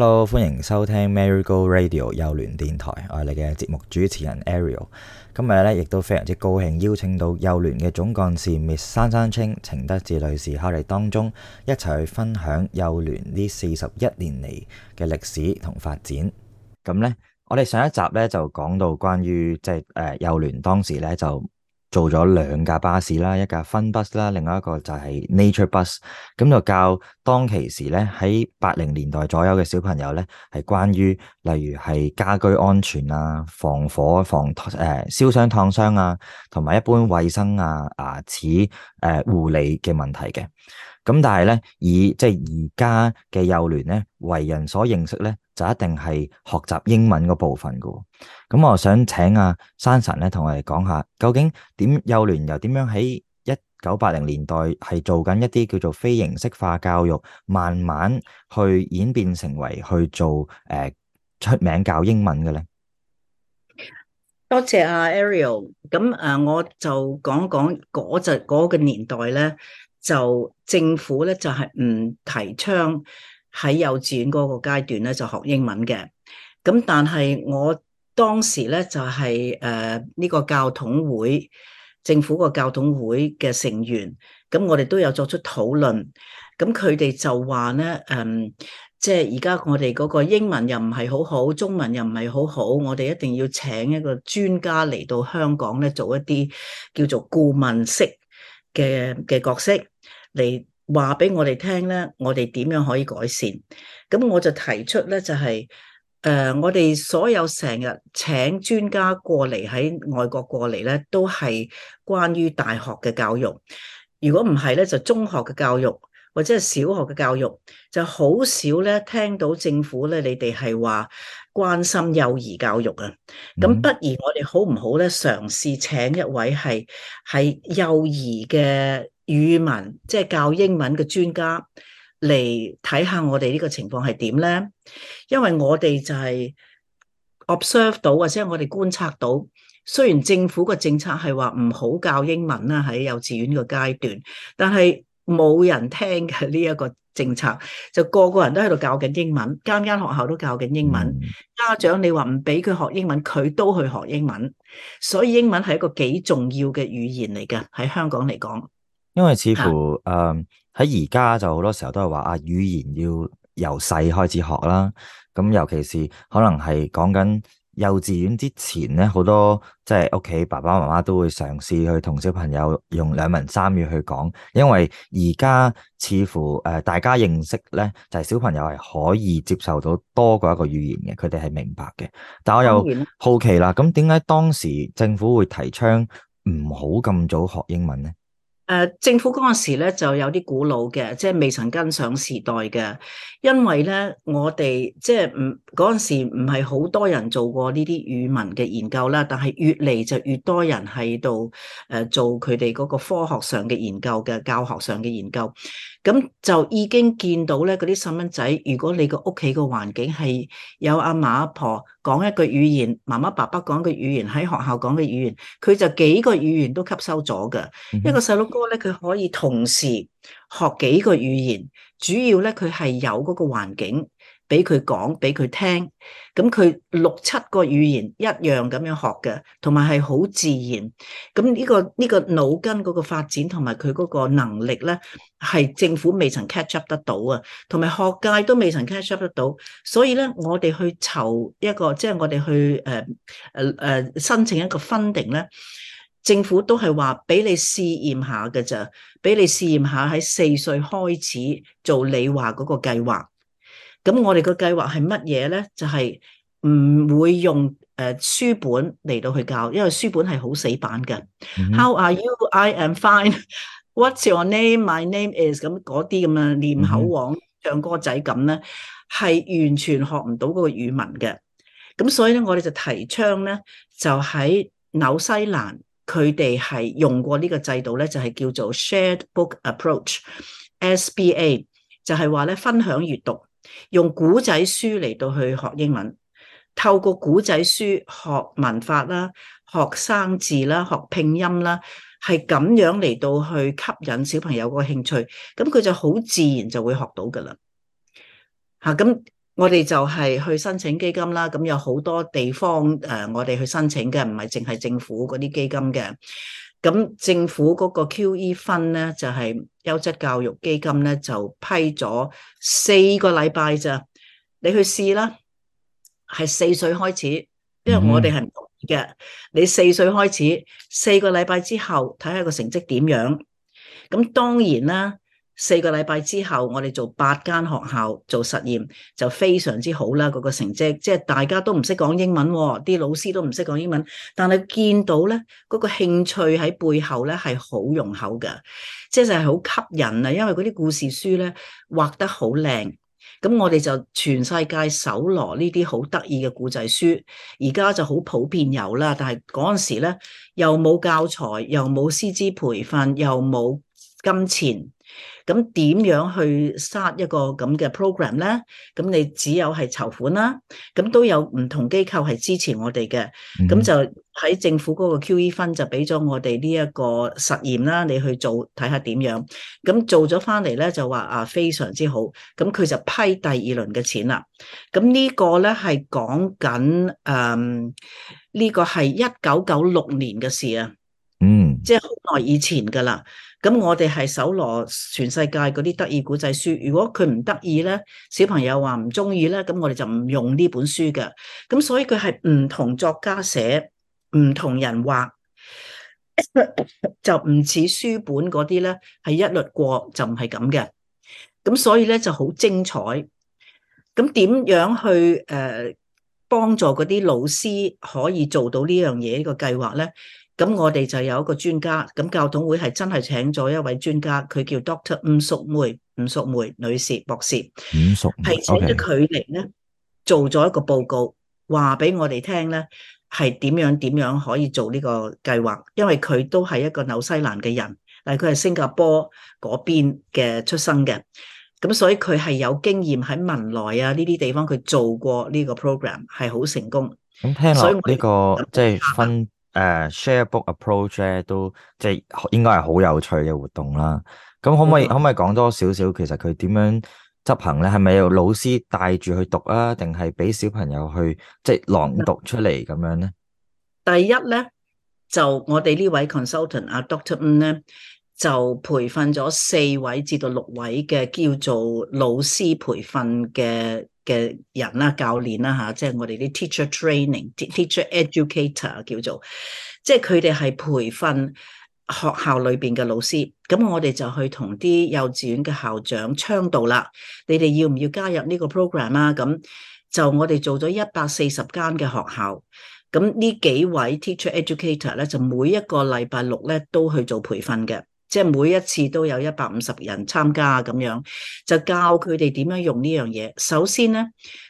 Hello，歡迎收聽 Marigo Radio 幼聯電台，我係你嘅節目主持人 Ariel。今日咧亦都非常之高興邀請到幼聯嘅總幹事 Miss Sansan Ching 程德智女士，喺我哋當中一齊去分享幼聯呢四十一年嚟嘅歷史同發展。咁咧，我哋上一集咧就講到關於即係誒幼聯當時咧就。做咗兩架巴士啦，一架 Fun Bus 啦，另外一個就係 Nature Bus，咁就教當其時咧喺八零年代左右嘅小朋友咧，係關於例如係家居安全啊、防火、防誒、呃、燒傷燙傷啊，同埋一般衛生啊、牙齒誒護理嘅問題嘅。咁但係咧以即係而家嘅幼聯咧為人所認識咧就一定係學習英文個部分噶咁我想請阿、啊、Sansan 咧同我哋講下，究竟點幼聯又點樣喺一九八零年代係做緊一啲叫做非形式化教育，慢慢去演變成為去做誒、呃、出名教英文嘅咧？多謝阿、啊、Ariel，咁誒、呃，我就講講嗰陣嗰個年代咧，就政府咧就係、是、唔提倡。喺幼稚園嗰個階段咧就學英文嘅，咁但係我當時咧就係，誒呢個教統會政府個教統會嘅成員，咁我哋都有作出討論，咁佢哋就話咧誒，即係而家我哋嗰個英文又唔係好好，中文又唔係好好，我哋一定要請一個專家嚟到香港咧，做一啲叫做顧問式嘅嘅角色嚟。話俾我哋聽咧，我哋點樣可以改善？咁我就提出咧，就係誒，我哋所有成日請專家過嚟喺外國過嚟咧，都係關於大學嘅教育。如果唔係咧，就中學嘅教育或者係小學嘅教育，就好少咧聽到政府咧，你哋係話關心幼兒教育啊。咁不如我哋好唔好咧嘗試請一位係係幼兒嘅？語文即係、就是、教英文嘅專家嚟睇下，來看看我哋呢個情況係點咧？因為我哋就係 observe 到或者我哋觀察到，雖然政府個政策係話唔好教英文啦喺幼稚園個階段，但係冇人聽嘅呢一個政策，就個個人都喺度教緊英文，間間學校都教緊英文，家長你話唔俾佢學英文，佢都去學英文，所以英文係一個幾重要嘅語言嚟㗎，喺香港嚟講。因為似乎誒喺而家就好多時候都係話啊語言要由細開始學啦，咁尤其是可能係講緊幼稚園之前咧，好多即係屋企爸爸媽媽都會嘗試去同小朋友用兩文三語去講，因為而家似乎誒、呃、大家認識咧就係、是、小朋友係可以接受到多過一個語言嘅，佢哋係明白嘅。但我又好奇啦，咁點解當時政府會提倡唔好咁早學英文呢？誒、呃、政府嗰陣時咧，就有啲古老嘅，即係未曾跟上時代嘅。因為咧，我哋即係唔嗰陣時唔係好多人做過呢啲語文嘅研究啦。但係越嚟就越多人喺度、呃、做佢哋嗰個科學上嘅研究嘅，教學上嘅研究。咁就已經見到咧，嗰啲細蚊仔，如果你個屋企個環境係有阿嫲阿婆講一句語言，媽媽爸爸講句語言，喺學校講嘅語言，佢就幾個語言都吸收咗㗎。Mm hmm. 一個細路哥咧，佢可以同時學幾個語言，主要咧佢係有嗰個環境。俾佢講俾佢聽，咁佢六七個語言一樣咁樣學嘅，同埋係好自然。咁呢個呢個腦筋嗰個發展同埋佢嗰個能力咧，係政府未曾 catch up 得到啊，同埋學界都未曾 catch up 得到。所以咧，我哋去籌一個，即係我哋去誒誒誒申請一個分定咧，政府都係話俾你試驗下㗎。咋，俾你試驗下喺四歲開始做你話嗰個計劃。咁我哋個計劃係乜嘢咧？就係唔會用誒書本嚟到去教，因為書本係好死板嘅。Mm hmm. How are you? I am fine. What's your name? My name is 咁嗰啲咁樣念口簧，mm hmm. 唱歌仔咁咧，係完全學唔到嗰個語文嘅。咁所以咧，我哋就提倡咧，就喺紐西蘭，佢哋係用過呢個制度咧，就係叫做 Shared Book Approach（SBA），就係話咧分享閱讀。用古仔書嚟到去學英文，透過古仔書學文法啦，學生字啦，學拼音啦，係咁樣嚟到去吸引小朋友個興趣，咁佢就好自然就會學到噶啦。吓，咁我哋就係去申請基金啦，咁有好多地方誒，我哋去申請嘅，唔係淨係政府嗰啲基金嘅。咁政府嗰個 QE Fund 咧，就係、是、優質教育基金咧就批咗四個禮拜咋，你去試啦，係四歲開始，因為我哋係唔同意嘅，你四歲開始，四個禮拜之後睇下個成績點樣，咁當然啦。四個禮拜之後，我哋做八間學校做實驗就非常之好啦！嗰個成績，即係大家都唔識講英文喎，啲老師都唔識講英文，但係見到咧嗰個興趣喺背後咧係好用口嘅，即係就好吸引啊！因為嗰啲故事書咧畫得好靚，咁我哋就全世界搜羅呢啲好得意嘅故仔書，而家就好普遍有啦。但係嗰陣時咧又冇教材，又冇師資培訓，又冇金錢。咁點樣去 set 一個咁嘅 program 咧？咁你只有係籌款啦，咁都有唔同機構係支持我哋嘅。咁就喺政府嗰個 QE 分就俾咗我哋呢一個實驗啦，你去做睇下點樣。咁做咗翻嚟咧就話啊，非常之好。咁佢就批第二輪嘅錢啦。咁呢個咧係講緊，誒呢個係一九九六年嘅事啊。嗯，這個、嗯，即係好耐以前噶啦。咁我哋係搜羅全世界嗰啲得意古仔書，如果佢唔得意咧，小朋友話唔中意咧，咁我哋就唔用呢本書嘅。咁所以佢係唔同作家寫，唔同人畫，就唔似書本嗰啲咧，係一律過就唔係咁嘅。咁所以咧就好精彩。咁點樣去誒幫助嗰啲老師可以做到這件事，這個，呢樣嘢呢個計劃咧？咁我哋就有一個專家，咁教統會係真係請咗一位專家，佢叫 Doctor 吳淑梅，吳淑梅女士博士，吳淑梅係請咗佢嚟咧，做咗一個報告，話俾我哋聽咧，係點樣點樣可以做呢個計劃。因為佢都係一個紐西蘭嘅人，但係佢係新加坡嗰邊嘅出生嘅，咁所以佢係有經驗喺文萊啊呢啲地方，佢做過呢個 program 係好成功。咁聽落，所以呢個即係分。誒 Shared Book Approach 咧都即係應該係好有趣嘅活動啦。咁可唔可以、嗯、可唔可以講多少少其實佢點樣執行咧？係咪由老師帶住去讀啊？定係俾小朋友去即係朗讀出嚟咁樣咧？第一咧就我哋呢位 consultant 阿 Doctor M 咧就培訓咗四位至到六位嘅叫做老師培訓嘅，嘅人啦，教練啦吓，即係我哋啲 teacher training、teacher educator 叫做，即係佢哋係培訓學校裏邊嘅老師。咁我哋就去同啲幼稚園嘅校長倡導啦，你哋要唔要加入呢個 program 啊？咁就我哋做咗一百四十間嘅學校，咁呢幾位 teacher educator 咧，就每一個禮拜六咧都去做培訓嘅。即係每一次都有一百五十人參加咁樣，就教佢哋點樣用呢樣嘢。首先咧，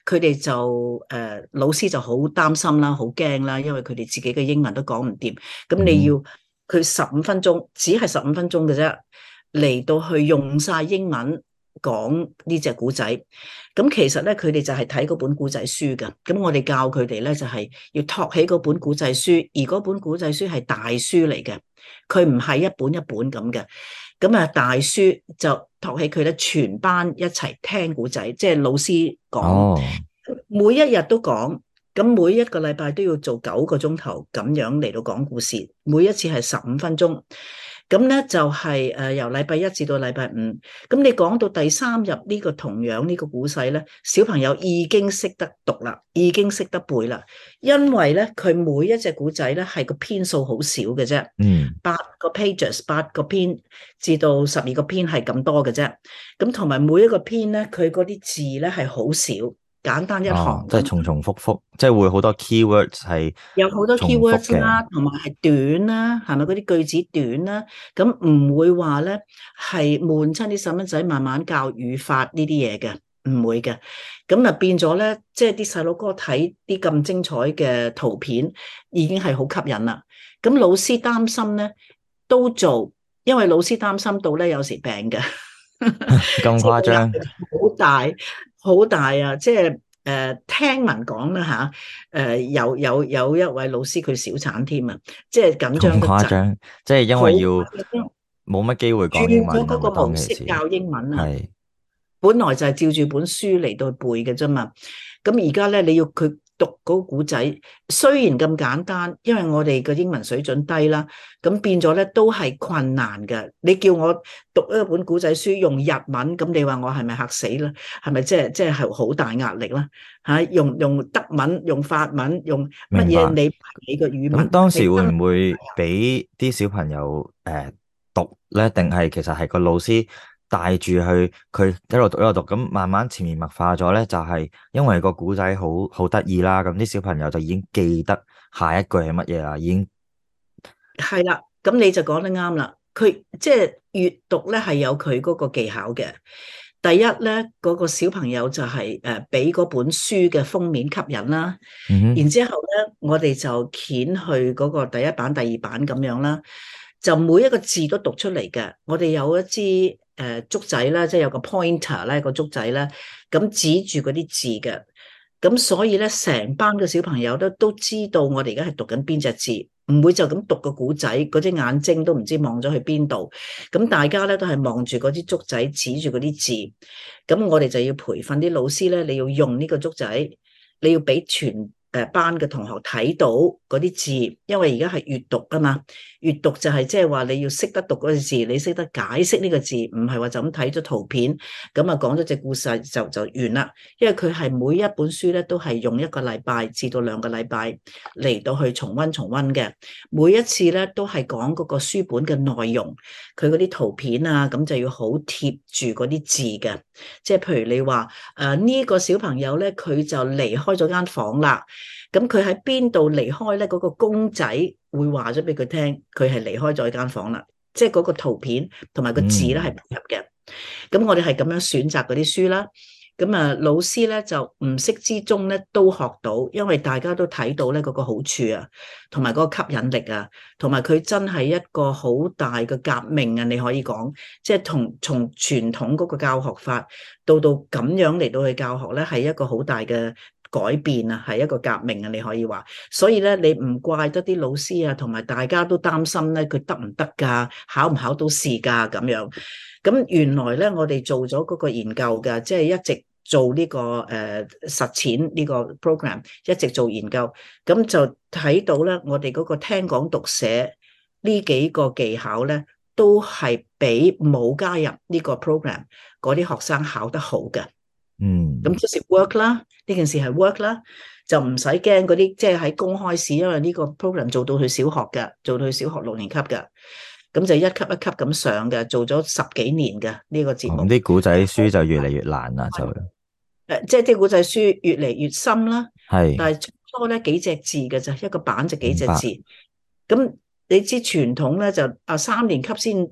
佢哋就誒、呃、老師就好擔心啦，好驚啦，因為佢哋自己嘅英文都講唔掂。咁、嗯、你要佢十五分鐘，只係十五分鐘嘅啫，嚟到去用晒英文講呢隻古仔。咁其實咧，佢哋就係睇嗰本古仔書㗎。咁我哋教佢哋咧，就係、是、要托起嗰本古仔書，而嗰本古仔書係大書嚟嘅。佢唔係一本一本咁嘅。咁啊大書就托起佢咧，全班一齊聽古仔，即係老師講，哦、每一日都講，咁每一個禮拜都要做九個鐘頭咁樣嚟到講故事，每一次係十五分鐘。咁咧就係誒由禮拜一至到禮拜五，咁你講到第三日呢個同樣個呢個古仔咧，小朋友已經識得讀啦，已經識得背啦，因為咧佢每一隻古仔咧係個篇數好少嘅啫，嗯，八個 pages 八個篇至到十二個篇係咁多嘅啫，咁同埋每一個篇咧佢嗰啲字咧係好少。簡單一行、啊，即係重重複複，即係會好多 keywords 係有好多 keywords 啦、啊，同埋係短啦、啊，係咪嗰啲句子短啦、啊？咁唔會話咧係悶親啲細蚊仔，慢慢教語法呢啲嘢嘅，唔會嘅。咁啊變咗咧，即係啲細佬哥睇啲咁精彩嘅圖片，已經係好吸引啦。咁老師擔心咧，都做，因為老師擔心到咧，有時病嘅，咁誇張，好大。好大啊！即係誒、呃，聽聞講啦吓，誒、啊呃、有有有一位老師佢小產添啊，即係緊張得，誇張，即係因為要冇乜機會講英文嗰個模式教英文啊，係的本來就係照住本書嚟到背嘅啫嘛，咁而家咧你要佢。讀嗰個古仔雖然咁簡單，因為我哋個英文水準低啦，咁變咗咧都係困難嘅。你叫我讀一本古仔書用日文，咁你話我係咪吓死咧？係咪即係即係好大壓力啦？吓用用德文、用法文、用乜嘢？你你個語文白當時會唔會俾啲小朋友誒讀咧？定係其實係個老師？帶住去，佢一路讀一度讀，咁慢慢潛移默化咗咧，就係、是、因為個古仔好好得意啦。咁啲小朋友就已經記得下一句係乜嘢啦，已經係啦。咁你就講得啱啦。佢即係閱讀咧，係有佢嗰個技巧嘅。第一咧，嗰、那個小朋友就係誒，俾嗰本書嘅封面吸引啦。嗯、哼然之後咧，我哋就撿去嗰個第一版、第二版咁樣啦。就每一個字都讀出嚟嘅。我哋有一支。誒竹仔啦，即係有個 pointer 咧，個竹仔啦，咁指住嗰啲字嘅，咁所以咧，成班嘅小朋友都都知道我哋而家係讀緊邊隻字，唔會就咁讀個古仔，嗰隻眼睛都唔知望咗去邊度，咁大家咧都係望住嗰支竹仔指住嗰啲字，咁我哋就要培訓啲老師咧，你要用呢個竹仔，你要俾全班嘅同學睇到，嗰啲字，因為而家係閱讀啊嘛，閱讀就係即係話你要識得讀嗰個字，你識得解釋呢個字，唔係話就咁睇咗圖片，咁啊講咗隻故事就就完啦。因為佢係每一本書咧，都係用一個禮拜至到兩個禮拜嚟到去重溫重溫嘅。每一次咧，都係講嗰個書本嘅內容，佢嗰啲圖片啊，咁就要好貼住嗰啲字嘅。即係譬如你話誒呢個小朋友咧，佢就離開咗間房啦。咁佢喺邊度離開咧？嗰個公仔會話咗俾佢聽，佢係離開咗間房啦。即係嗰個圖片同埋個字咧係唔入嘅。咁、嗯、我哋係咁樣選擇嗰啲書啦。咁啊，老師咧就唔識之中咧都學到，因為大家都睇到咧嗰個好處啊，同埋嗰個吸引力啊，同埋佢真係一個好大嘅革命啊！你可以講，即係從從傳統嗰個教學法到到咁樣嚟到去教學咧，係一個好大嘅。改變啊，係一個革命啊！你可以話，所以咧，你唔怪得啲老師啊，同埋大家都擔心咧，佢得唔得噶，考唔考到試噶咁樣。咁原來咧，我哋做咗嗰個研究嘅，即係一直做呢個誒實踐呢個 program，一直做研究，咁就睇到咧，我哋嗰個聽講讀寫呢幾個技巧咧，都係比冇加入呢個 program 嗰啲學生考得好嘅。嗯，咁即係 work 啦，呢件事係 work 啦，就唔使驚嗰啲，即係喺公開試，因為呢個 program 做到去小學嘅，做到去小學六年級嘅，咁就一級一級咁上嘅，做咗十幾年嘅呢個節目。啲古仔書就越嚟越難啦，就誒，即係啲古仔書越嚟越深啦，係，但係初初咧幾隻字嘅咋，一個版就幾隻字，咁你知傳統咧就啊三年級先。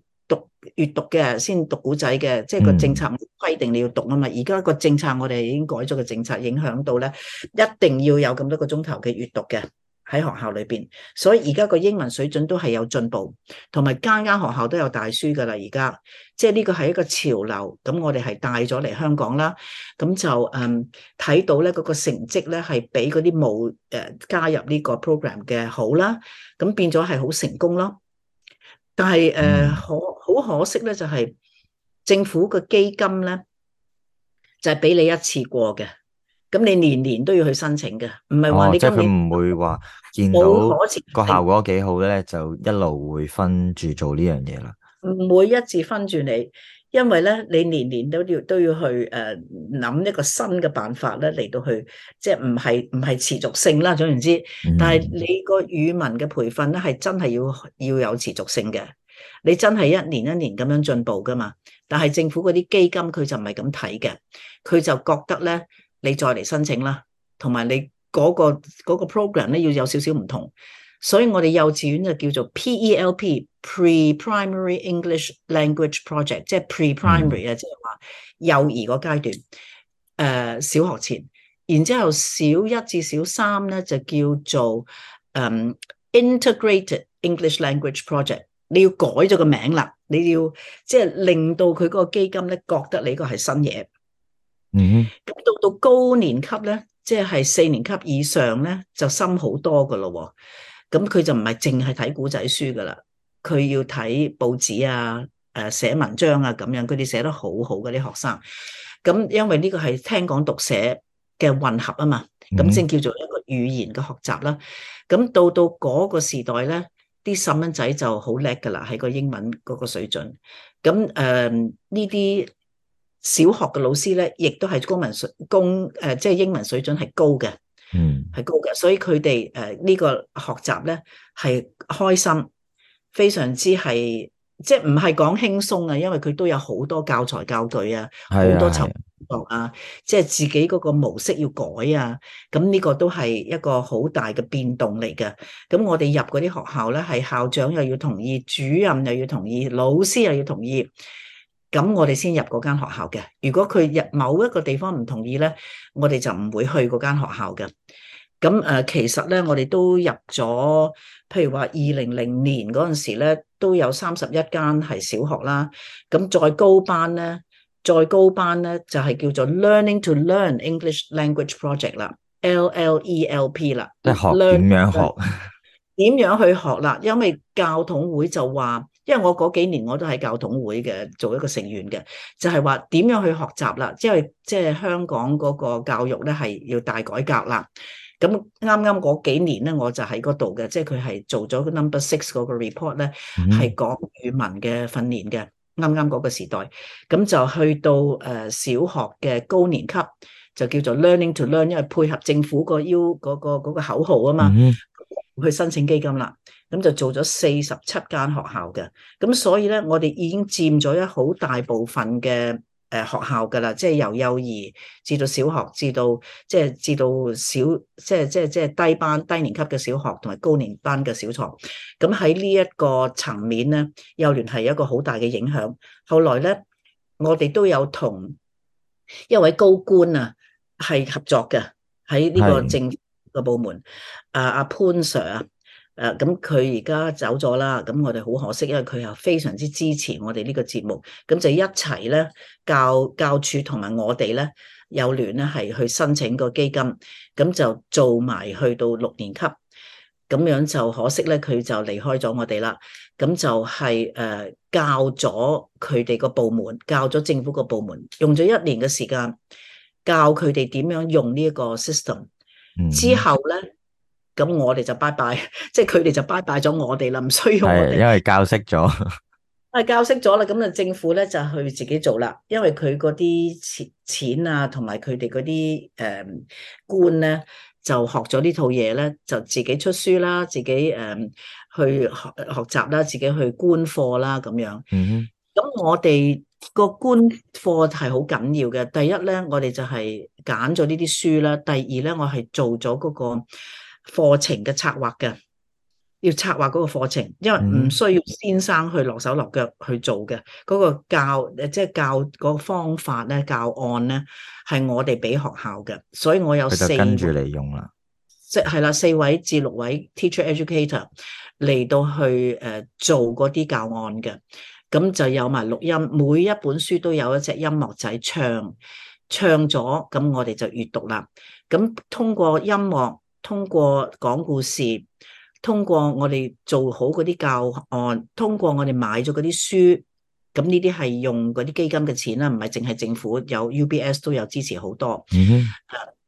閱讀嘅先讀古仔嘅，即係個政策規定你要讀啊嘛。而家個政策我哋已經改咗個政策，政策影響到咧，一定要有咁多個鐘頭嘅閱讀嘅喺學校裏邊。所以而家個英文水準都係有進步，同埋間間學校都有大書噶啦。而家即係呢個係一個潮流，咁我哋係帶咗嚟香港啦。咁就嗯，睇到咧嗰個成績咧係比嗰啲冇誒加入呢個 program 嘅好啦。咁變咗係好成功咯。但係誒，嗯、可好可惜咧，就係政府個基金咧，就係俾你一次過嘅，咁你年年都要去申請嘅，唔係話你今年。哦、即係佢唔會話沒見到個效果幾好咧，的就一路會分住做呢樣嘢啦。唔會一次分住你。因為咧，你年年都要都要去誒諗、啊、一個新嘅辦法咧嚟到去，即係唔係唔係持續性啦。總言之，但係你個語文嘅培訓咧係真係要要有持續性嘅。你真係一年一年咁樣進步㗎嘛？但係政府嗰啲基金佢就唔係咁睇嘅，佢就覺得咧，你再嚟申請啦，同埋你嗰個嗰個 program 咧要有少少唔同。所以我哋幼稚園就叫做 PELP（Pre-Primary English Language Project），是 Pre-Primary,、嗯、即係 Pre-Primary 啊，即係話幼兒個階段，誒、呃，小學前。然之後小一至小三咧就叫做誒、um, Integrated English Language Project 你。你要改咗個名啦，你要即係令到佢嗰個基金咧覺得你個係新嘢。嗯。咁到到高年級咧，即係四年級以上咧，就深好多噶咯咁佢就唔係淨係睇古仔書噶啦，佢要睇報紙啊，誒、呃、寫文章啊咁樣，佢哋寫得好好嗰啲學生。咁因為呢個係聽講讀寫嘅混合啊嘛，咁先、嗯、叫做一個語言嘅學習啦。咁到到嗰個時代咧，啲細蚊仔就好叻噶啦，喺個英文嗰個水準。咁誒呢啲小學嘅老師咧，亦都係公文水公誒，即、呃、係、就是、英文水準係高嘅。嗯，係高嘅，所以佢哋誒呢個學習咧係開心，非常之係即係唔係講輕鬆啊，因為佢都有好多教材教具啊，好是的 多操作啊，即係是的 自己嗰個模式要改啊，咁、這、呢個都係一個好大嘅變動嚟嘅。咁我哋入嗰啲學校咧，係校長又要同意，主任又要同意，老師又要同意。咁我哋先入嗰間學校嘅。如果佢入某一個地方唔同意咧，我哋就唔會去嗰間學校嘅。咁誒、呃，其實咧，我哋都入咗，譬如話二零零年嗰陣時咧，都有三十一間係小學啦。咁再高班咧，再高班咧就係、是、叫做 Learning to Learn English Language Project 啦，LLELP 啦。即係學點樣學？點樣 Learn to 去學啦？因為教統會就話。因為我嗰幾年我都喺教統會嘅做一個成員嘅，就係話點樣去學習啦？即係即係香港嗰個教育咧，係要大改革啦。咁啱啱嗰幾年咧，我就喺嗰度嘅，即係佢係做咗 number six 嗰個 report 咧，係講、mm hmm. 語文嘅訓練嘅。啱啱嗰個時代，咁就去到誒小學嘅高年級，就叫做 learning to learn，因為配合政府 U,、那個要嗰個嗰個口號啊嘛，mm hmm. 去申請基金啦。咁就做咗四十七間學校嘅，咁所以咧，我哋已經佔咗一好大部分嘅誒學校噶啦，即係由幼兒至到小學，至到即係至到小，即係即係即係低班低年級嘅小學，同埋高年班嘅小學。咁喺呢一個層面咧，幼聯係有一個好大嘅影響。後來咧，我哋都有同一位高官啊，係合作嘅喺呢個政嘅部門。阿阿是、啊、潘 Sir 啊。誒，咁佢而家走咗啦，咁我哋好可惜，因為佢又非常之支持我哋呢個節目，咁就一齊咧教教處同埋我哋咧幼聯咧係去申請個基金，咁就做埋去到六年級，咁樣就可惜咧佢就離開咗我哋啦，咁就係誒教咗佢哋個部門，教咗政府個部門，用咗一年嘅時間教佢哋點樣用呢一個 system，之後咧。嗯咁我哋就拜拜，即係佢哋就拜拜咗我哋啦，唔需要我哋。係因為教識咗，啊教識咗啦，咁啊政府咧就去自己做啦，因為佢嗰啲錢錢啊，同埋佢哋嗰啲誒官咧就學咗呢套嘢咧，就自己出書啦，自己誒去學學習啦，自己去觀課啦，咁樣。咁、mm hmm. 我哋個觀課係好緊要嘅，第一咧，我哋就係揀咗呢啲書啦，第二咧，我係做咗嗰、嗰個。課程嘅策劃嘅，要策劃嗰個課程，因為唔需要先生去落手落腳去做嘅，嗰、嗯、個教，即係教嗰個方法咧、教案咧，係我哋俾學校嘅，所以我有四，跟住嚟用啦，即係啦，四位至六位 teacher educator 嚟到去誒做嗰啲教案嘅，咁就有埋錄音，每一本書都有一隻音樂仔唱，唱咗，咁我哋就閲讀啦，咁通過音樂。通過講故事，通過我哋做好嗰啲教案，通過我哋買咗嗰啲書，咁呢啲係用嗰啲基金嘅錢啦，唔係淨係政府有 UBS 都有支持好多，嗯、哼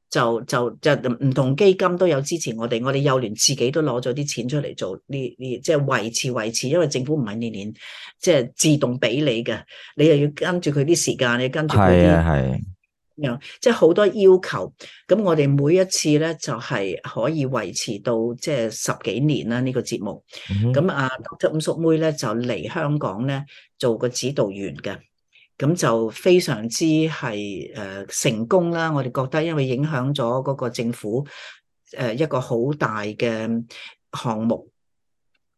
就就就唔同基金都有支持我哋，我哋幼聯自己都攞咗啲錢出嚟做呢呢，即係維持維持，因為政府唔係年年即係自動俾你嘅，你又要跟住佢啲時間，你跟住佢啲。即係好多要求，咁我哋每一次咧就係可以維持到即係十幾年啦呢、呢個節目。咁啊、mm，hmm. 五叔妹咧就嚟香港咧做個指導員嘅，咁就非常之係誒、呃、成功啦。我哋覺得因為影響咗嗰個政府誒一個好大嘅項目，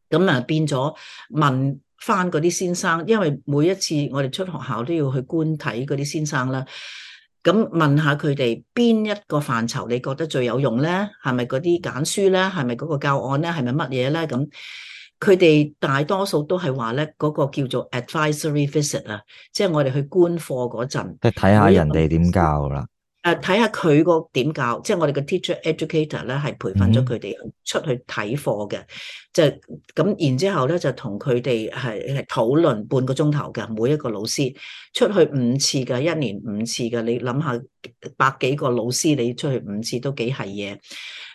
咁啊變咗問翻嗰啲先生，因為每一次我哋出學校都要去觀睇嗰啲先生啦。咁問下佢哋邊一個範疇，你覺得最有用咧？係咪嗰啲揀書咧？係咪嗰個教案咧？係咪乜嘢咧？咁佢哋大多數都係話咧嗰個叫做 advisory visit 啊，即係我哋去觀課嗰陣，即係睇下人哋點教啦。誒睇下佢個點教，即係我哋嘅 teacher educator 咧，係培訓咗佢哋出去睇課嘅、嗯，就咁然之後咧，就同佢哋係係討論半個鐘頭嘅每一個老師出去五次嘅，一年五次嘅，你諗下百幾個老師，你出去五次都幾係嘢，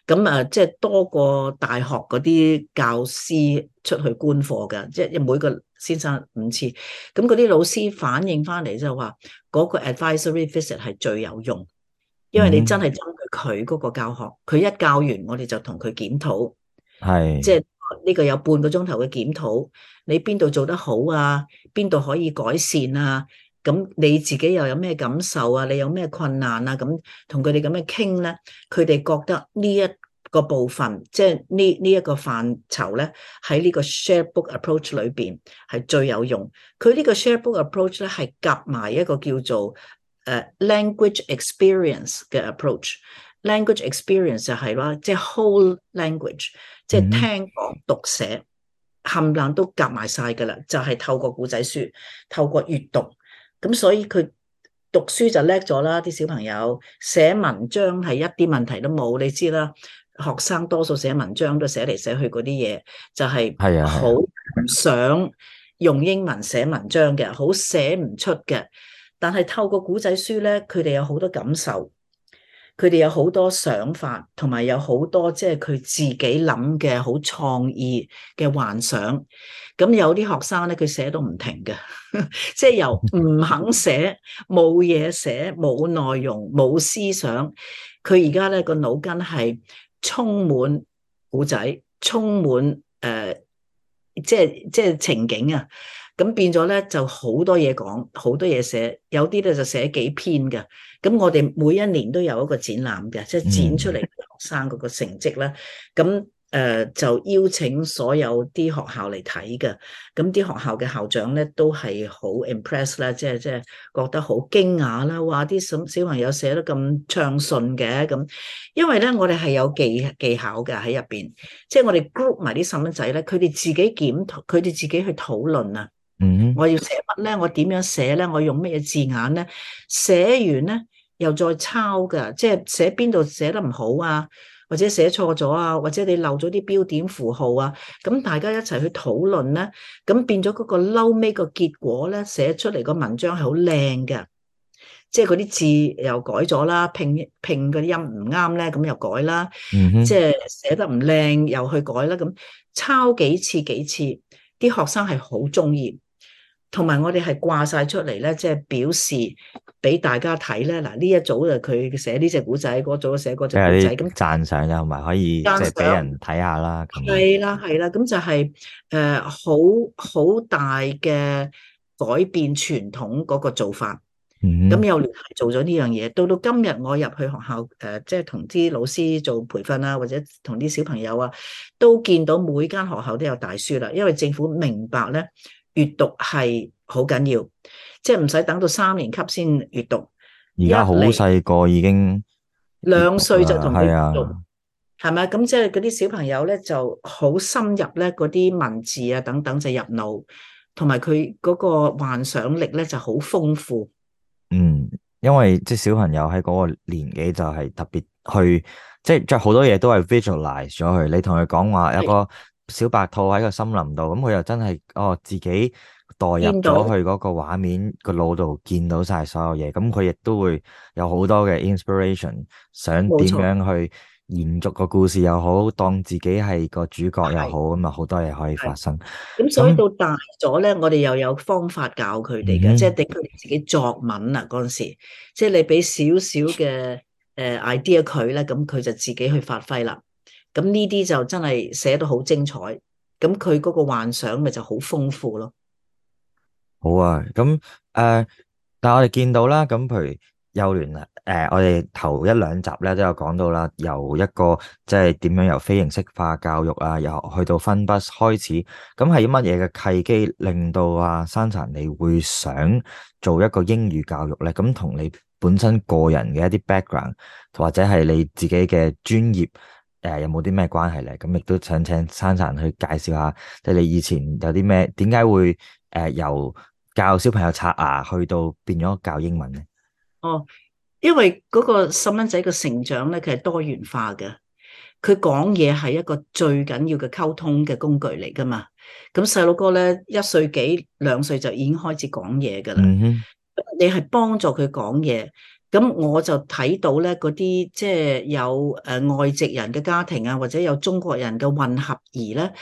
咁啊即係多過大學嗰啲教師出去觀課嘅，即係每個先生五次，咁嗰啲老師反應翻嚟就話嗰個 advisory visit 係最有用的。因為你真係針對佢嗰個教學，佢一教完我哋就同佢檢討，係是即係呢個有半個鐘頭嘅檢討。你邊度做得好啊？邊度可以改善啊？咁你自己又有咩感受啊？你有咩困難啊？咁同佢哋咁樣傾咧，佢哋覺得呢一個部分，即係、這個、呢呢一個範疇咧，喺呢個 Shared Book Approach 裏面係最有用。佢呢個 Shared Book Approach 咧係夾埋一個叫做。誒、uh，language experience 嘅 approach，language experience 就係話即係、就是、whole language，即係聽講讀寫，冚唪唥都夾埋晒噶啦，就係、是、透過故仔書，透過閱讀，咁所以佢讀書就叻咗啦，啲小朋友寫文章係一啲問題都冇，你知啦，學生多數寫文章都寫嚟寫去嗰啲嘢，就係、是、好唔想用英文寫文章嘅，好寫唔出嘅。但係透過古仔書咧，佢哋有好多感受，佢哋有好多想法，同埋有好多即係佢自己諗嘅好創意嘅幻想。咁有啲學生咧，佢寫都唔停嘅，即 係由唔肯寫、冇嘢寫、冇內容、冇思想，佢而家咧個腦筋係充滿古仔，充滿誒，即係即係情景啊！咁變咗咧，就好多嘢講，好多嘢寫。有啲咧就寫幾篇嘅。咁我哋每一年都有一個展覽嘅，即係展出嚟學生嗰個成績啦。咁誒就邀請所有啲學校嚟睇嘅。咁啲學校嘅校長咧都係好 impress 啦，即係即係覺得好驚訝啦。話啲小小朋友寫得咁暢順嘅咁，因為咧我哋係有技技巧嘅喺入邊。即係我哋 group 埋啲細蚊仔咧，佢哋自己檢討，佢哋自己去討論啊。嗯，我要寫乜咧？我點樣寫咧？我用乜嘢字眼咧？寫完咧又再抄噶，即係寫邊度寫得唔好啊，或者寫錯咗啊，或者你漏咗啲標點符號啊，咁大家一齊去討論咧，咁變咗嗰個最尾個結果咧，寫出嚟個文章係好靚嘅，即係嗰啲字又改咗啦，拼拼嗰啲音唔啱，咧咁又改啦，mm hmm. 即係寫得唔靚又去改啦，咁抄幾次幾次，啲學生係好中意。同埋我哋係掛晒出嚟咧，即係表示俾大家睇咧。嗱，呢一組就佢寫呢隻古仔，嗰組寫嗰隻古仔，咁讚賞啦，同埋就上可以即係俾人睇下啦。咁係啦，係啦樣，咁就係誒好好大嘅改變傳統嗰個做法。咁、嗯、哼幼聯做咗呢樣嘢，到到今日我入去學校誒，即係同啲老師做培訓啊，或者同啲小朋友啊，都見到每間學校都有大書啦。因為政府明白咧。閱讀係好緊要，即係唔使等到三年級先閱讀，而家好細個已經兩歲就同佢讀，係咪？咁即係嗰啲小朋友咧就好深入咧，嗰啲文字啊等等就入腦，同埋佢嗰個幻想力咧就好豐富。嗯，因為即係小朋友喺嗰個年紀就係特別去，即係將好多嘢都係 visualize 咗去。你同佢講話有一個。小白兔喺個森林度，咁佢又真係哦，自己代入咗去嗰個畫面個腦度，到他腦見到晒所有嘢。咁佢亦都會有好多嘅 inspiration，想點樣去延續個故事又好，錯當自己係個主角又好，咁啊好多嘢可以發生。咁所以到大咗咧，嗯、我哋又有方法教佢哋噶，嗯、即係俾佢哋自己作文啦嗰陣時，即係你俾少少嘅誒 idea 佢咧，咁佢就自己去發揮啦。咁呢啲就真係寫到好精彩，咁佢嗰個幻想咪就好豐富咯。好啊，咁誒、呃，但係我哋見到啦，咁譬如幼聯誒，我哋頭一兩集咧都有講到啦，由一個即係點樣由非形式化教育啊，由去到分班開始，咁係乜嘢嘅契機令到啊 Sansan 你會想做一個英語教育咧？咁同你本身個人嘅一啲 background 或者係你自己嘅專業誒有冇啲咩關係咧？咁亦都想請珊珊去介紹下，即係你以前有啲咩，點解會誒由教小朋友刷牙去到變咗教英文咧？哦，因為嗰個細蚊仔嘅成長咧，佢係多元化嘅，佢講嘢係一個最緊要嘅溝通嘅工具嚟㗎嘛。咁細路哥咧，一歲幾兩歲就已經開始講嘢㗎啦，嗯哼。你係幫助佢講嘢。咁我就睇到咧，嗰啲即係有誒外籍人嘅家庭啊，或者有中國人嘅混合兒咧，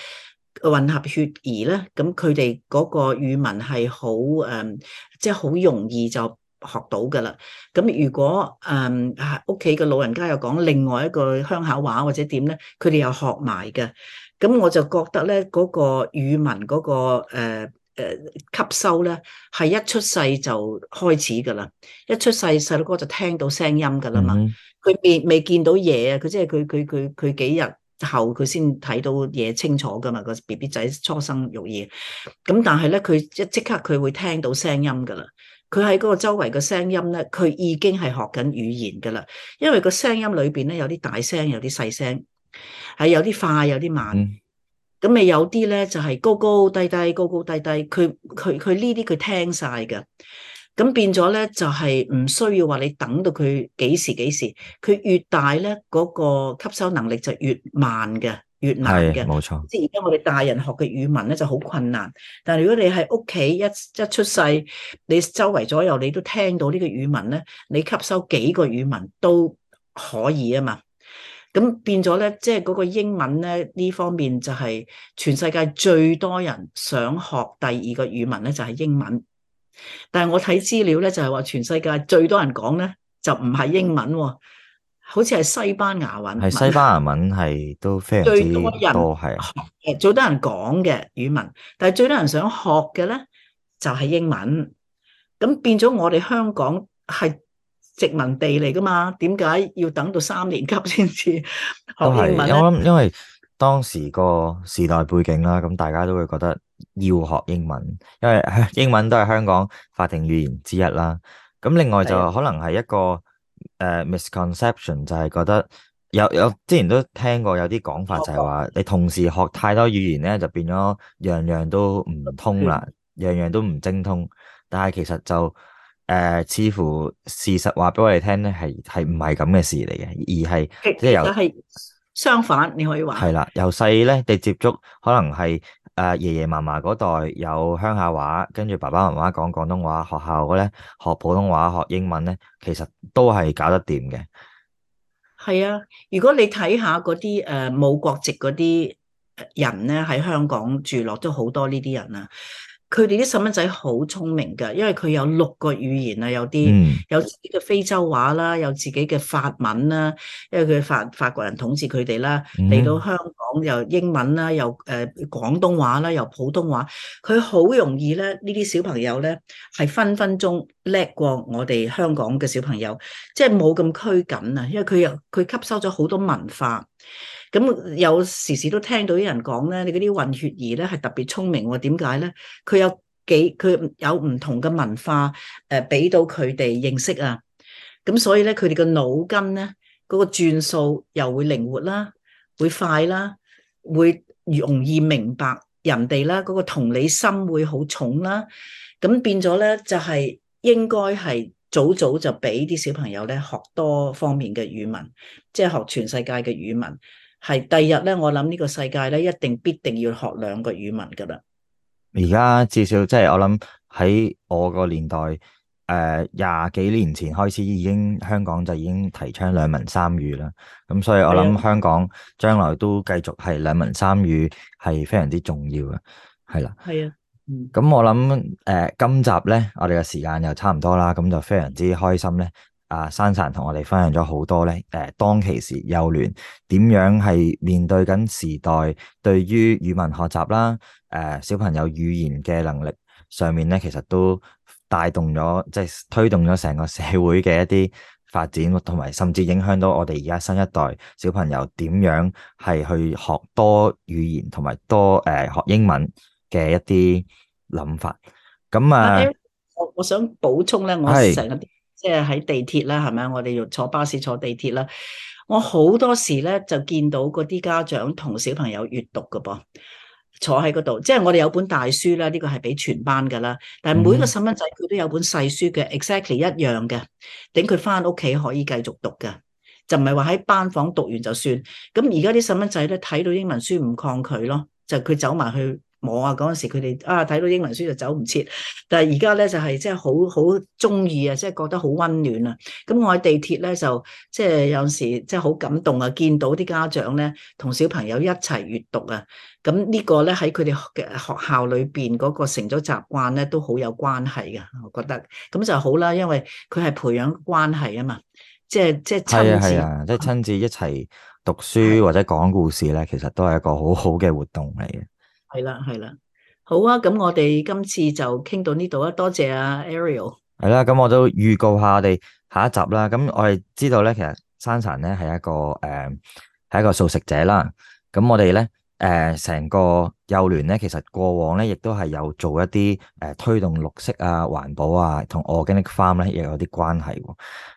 混合血兒咧，咁佢哋嗰個語文係好誒，即係好容易就學到噶啦。咁如果誒屋企嘅老人家又講另外一個鄉下話或者點咧，佢哋又學埋嘅。咁我就覺得咧，嗰個語文嗰個、呃誒、呃，吸收咧係一出世就開始噶啦，一出世細路哥就聽到聲音噶啦嘛，佢未未見到嘢啊，佢即係佢佢佢佢幾日後佢先睇到嘢清楚噶嘛，個 B B 仔初生嬰兒，咁但係咧佢一即刻佢會聽到聲音噶啦，佢喺嗰個周圍嘅聲音咧，佢已經係學緊語言噶啦，因為個聲音裏邊咧有啲大聲，有啲細聲，係有啲快，有啲慢。嗯咁咪有啲咧，就係高高低低、高高低低，佢佢佢呢啲佢聽晒嘅。咁變咗咧，就係唔需要話你等到佢幾時幾時。佢越大咧，嗰個吸收能力就越慢嘅，越難嘅。冇錯。即係而家我哋大人學嘅語文咧就好困難。但係如果你喺屋企一一出世，你周圍左右你都聽到呢個語文咧，你吸收幾個語文都可以啊嘛。咁變咗咧，即係嗰個英文咧呢方面就係全世界最多人想學第二個語文咧，就係英文。但係我睇資料咧，就係話全世界最多人講咧，就唔係英文喎，好似係西班牙文。係西班牙文係都非常之多，係誒最多人講嘅語文，但係最多人想學嘅咧就係英文。咁變咗，我哋香港係殖民地嚟噶嘛？點解要等到三年級先至學英文咧？因為因為當時個時代背景啦，咁大家都會覺得要學英文，因為英文都係香港法定語言之一啦。咁另外就可能係一個誒的、呃、misconception，就係覺得有有之前都聽過有啲講法就是說，就係話你同時學太多語言咧，就變咗樣樣都唔通啦，樣、嗯、樣都唔精通。但係其實就誒、呃，似乎事實話俾我哋聽咧，係係唔係咁嘅事嚟嘅，而係即係相反，你可以話係啦。由細咧，你接觸可能係誒、呃、爺爺嫲嫲嗰代有鄉下話，跟住爸爸媽媽講廣東話，學校咧學普通話、學英文咧，其實都係搞得掂嘅。係啊，如果你睇下嗰啲誒冇國籍嗰啲人咧，喺香港住落都好多呢啲人啊。佢哋啲細蚊仔好聰明㗎，因為佢有六個語言啊，有啲、嗯、有自己嘅非洲話啦，有自己嘅法文啦，因為佢法法國人統治佢哋啦，嗯、嚟到香港又英文啦，又誒、呃、廣東話啦，又普通話，佢好容易咧，呢啲小朋友咧係分分鐘叻過我哋香港嘅小朋友，即係冇咁拘謹啊，因為佢又佢吸收咗好多文化。咁有時時都聽到啲人講咧，你嗰啲混血兒咧係特別聰明喎？點解咧？佢有幾佢有唔同嘅文化，誒俾到佢哋認識啊。咁所以咧，佢哋嘅腦筋咧，嗰個轉數又會靈活啦，會快啦，會容易明白人哋啦，嗰個同理心會好重啦。咁變咗咧，就係應該係早早就俾啲小朋友咧學多方面嘅語文，即係學全世界嘅語文。係第二日咧，我諗呢個世界咧，一定必定要學兩個語文噶啦。而家至少即係、就是、我諗喺我個年代，誒、呃、廿幾年前開始，已經香港就已經提倡兩文三語啦。咁所以我諗香港將來都繼續係兩文三語係非常之重要嘅，係啦。係啊。咁、嗯、我諗誒、呃，今集咧，我哋嘅時間又差唔多啦，咁就非常之開心咧。啊！珊珊同我哋分享咗好多咧，誒當其時幼聯點樣係面對緊時代對於語文學習啦，誒小朋友語言嘅能力上面咧，其實都帶動咗，即係推動咗成個社會嘅一啲發展，同埋甚至影響到我哋而家新一代小朋友點樣係去學多語言同埋多誒學英文嘅一啲諗法。咁啊，我我想補充咧，我成即係喺地鐵啦，係咪啊？我哋要坐巴士、坐地鐵啦。我好多時咧就見到嗰啲家長同小朋友閱讀嘅噃，坐喺嗰度。即係我哋有本大書啦，呢個係俾全班嘅啦。但係每個細蚊仔佢都有本細書嘅、mm hmm.，exactly 一樣嘅，等佢翻屋企可以繼續讀嘅，就唔係話喺班房讀完就算。咁而家啲細蚊仔咧睇到英文書唔抗拒咯，就佢走埋去。我啊！嗰陣時佢哋啊睇到英文書就走唔切，但係而家咧就係即係好好中意啊！即係覺得好溫暖啊！咁我喺地鐵咧就即係有陣時即係好感動啊！見到啲家長咧同小朋友一齊閱讀啊！咁呢個咧喺佢哋嘅學校裏邊嗰個成咗習慣咧都好有關係嘅，我覺得咁就好啦。因為佢係培養關係啊嘛，即係即係親子，即係親子一齊讀書或者講故事咧，其實都係一個好好嘅活動嚟嘅。係啦，係啦，好啊，咁我哋今次就傾到呢度啦，多謝啊 Ariel。係啦，咁我都預告一下我哋下一集啦。咁我哋知道咧，其實 Sansan 咧係一個誒，係、呃、一個素食者啦。咁我哋咧誒，成、呃、個幼聯咧，其實過往咧亦都係有做一啲誒、呃，推動綠色啊、環保啊，同 organic farm 咧，又有啲關係。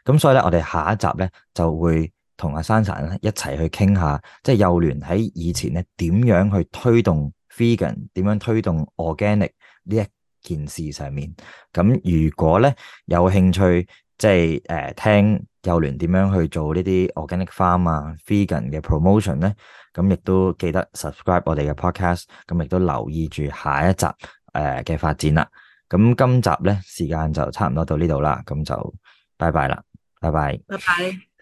咁所以咧，我哋下一集咧就會同阿 Sansan 咧一齊去傾下，即係幼聯喺以前咧點樣去推動。Vegan 點樣推動 organic 呢一件事上面咁？如果咧有興趣，即係誒、呃、聽幼聯點樣去做呢啲 organic farm 啊 Vegan 嘅 promotion 咧，咁亦都記得 subscribe 我哋嘅 podcast，咁亦都留意住下一集誒嘅、呃、發展啦。咁今集咧時間就差唔多到呢度啦，咁就拜拜啦，拜拜，拜拜。